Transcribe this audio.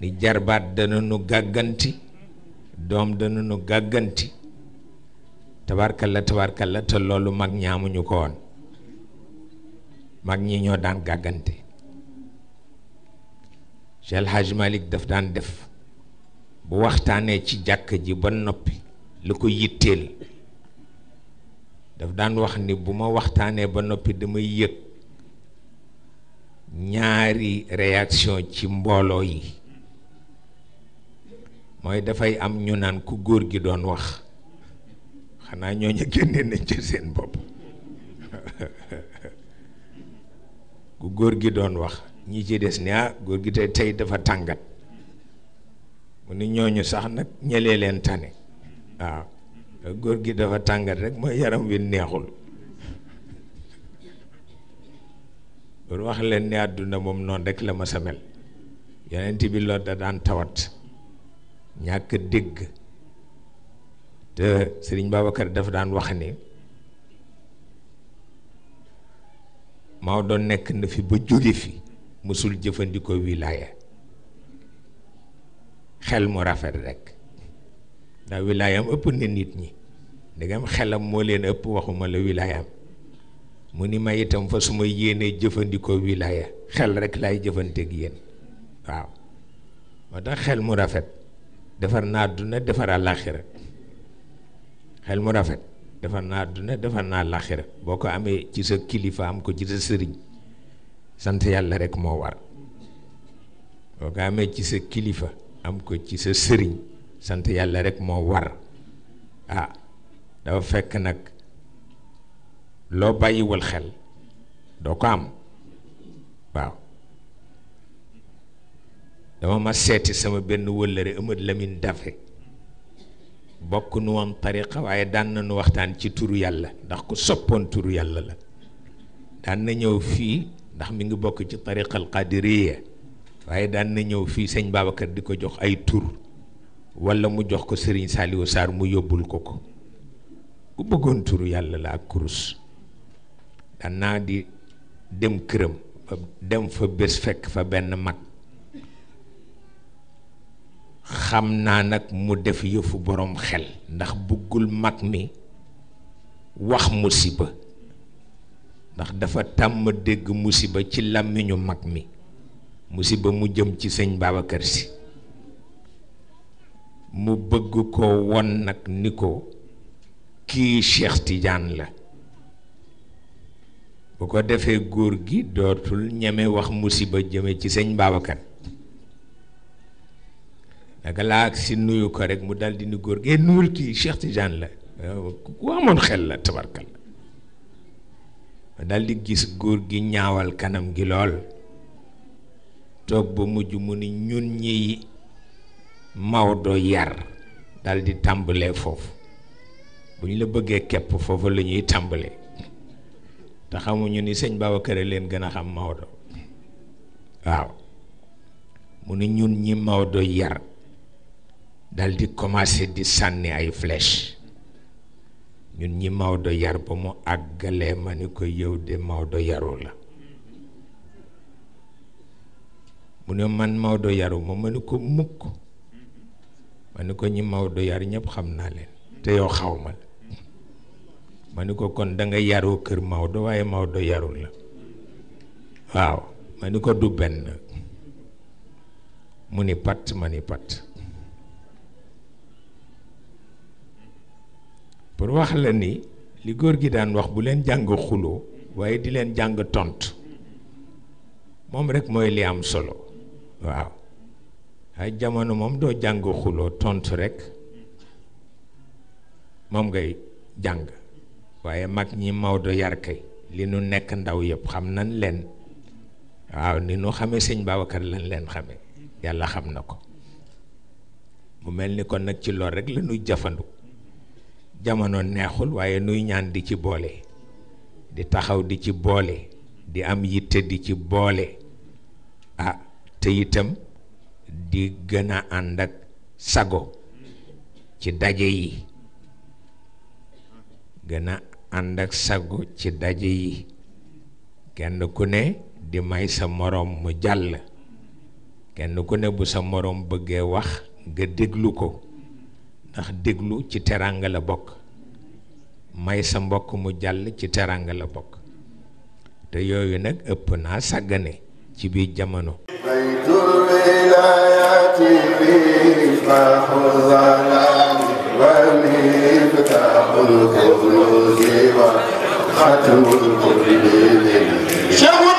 ni jarbaat dana nu gàgganti doom dana nu gàgganti tabarkalla tabarkalla te loolu mag ñaamuñu ko woon mag ñi ñoo daan gàggante Cheikh El Hadj daf daan def bu waxtaanee ci jàkk ji ba noppi lu ko yitteel daf daan wax ni bu ma waxtaanee ba noppi damay yëg ñaari réaction ci mbooloo yi mooy dafay am ñu naan ku góor gi doon wax xanaa ñooñu génne nañ ci seen bopp ku góor gi doon wax ñi ci des ni ah góor gi tey tey dafa tàngat mu ni ñooñu sax nag ñelee leen tane waaw góor gi dafa tàngat rek mooy yaram wi neexul pour wax leen ni àdduna moom noon rek la ma sa mel yonent bi loolu da daan tawat ñàkk dégg te sëriñ Babacar dafa daan wax ni Maodo nekk na fi ba jóge fi musul jëfëndiko wilaya xel mu rafet rek rekk wilaya am ëpp ne nit ñi da ndegam xelam mo leen ëpp waxuma la wilaayam mu ni may itam fa su yene jëfëndiko wilaya xel rek lay jëfënte ak yéen waaw moo tax xel mu rafet defar na aduna defar al akhira xel mu rafet defar na aduna defar na al akhira boko amé ci sa kilifa am ko ci sa serigne sante yàlla rek mo war boo ga me ci sa kilifa am ko ci sa serigne sante yàlla rek mo war ah dafa fekk lo bayyi wal xel do ko am waaw dama ma setti sama benn wëllëre Amadou Lamine Dafe bokku nu am tariqa waaye daan nañu waxtaan ci turu yàlla ndax ku soppon turu yàlla la dan na ñëw fii ndax mi ngi bok ci al qadiriyya waye dan na ñëw fi sëñ babakar diko jox ay tour wala mu jox ko Serigne Saliou sar mu yobul ko ko ku bëggoon tour yàlla la ak kurus daan naa di dem kërëm dem fa bés fekk fa ben mag xam naa nag mu def yëfu borom xel ndax bëggul mag mi wax musiba ndax dafa tàmm dégg musiba ci làmmiñu mag mi musiba mu jëm ci sëñ Babacar si mu bëgg ko won nag ni ko kii Cheikh tiijan la bu ko defee góor gi dootul ñeme wax musiba jëme ci sëñ Babacar daga laa ak si nuyu ko rek mu daldi di ni góor gi eh, nuyul kii Cheikh Tidiane la eh, ku amoon xel la tabarkal daldi gis góor gi ñaawal kanam gi lool toog ba mujj mu ni ñun ñiy Maodo yar daldi tàmbalee foofu bu ñu la bëggee kepp foofu lañuy ñuy tàmbalee te xamuñu ni sëñ Babacar leen gën a xam Maodo waaw mu ni ñun ñi Maodo yar daldi commencé di sànni ay flèche ñun ñi Maodo yar ba mu àggalee ma ni ko yow de Maodo yaru la mu ne man Maodo yaru ma ma ni ko mukk ma ni ko ñi Maodo yar ñëpp xam naa leen te yow xaw ma ma ni ko kon danga nga yaroo kër Maodo waaye Maodo yarul la waaw ma ni ko du benn mu ni pat ma ni pat pour wax la ni li góor gi daan wax bu leen jàng xuloo waaye di leen jàng tont moom rek mooy li am solo waaw ay jamono moom doo jàng xuloo tont rek moom ngay jàng waaye mag ñi Maodo yar kay li nu nekk ndaw yëpp xam nañ leen waaw ni nu xamee sëñ Babacar lañ leen xame yàlla xam na ko mu mel ni kon nag ci lool rek la ñuy jafandu jamono neexul waaye nuy ñaan di ci boole di taxaw di ci boole di am yitte di ci boole a ah, te itam di gën a ànd ak sago ci daje yi gën a ànd ak sago ci daje yi kenn ku ne di may sa moroom mu jàll kenn ku ne bu sa moroom bëggee wax nga déglu ko ndax déglu ci teraanga la bokk may sa mbokk mu jàll ci teraanga la bokk te yooyu nag ëpp naa sàggane ci biir jamono baytul wilaayati bi faaxu zalaam wa miftaaxul xuluusi wa xatmul xuluusi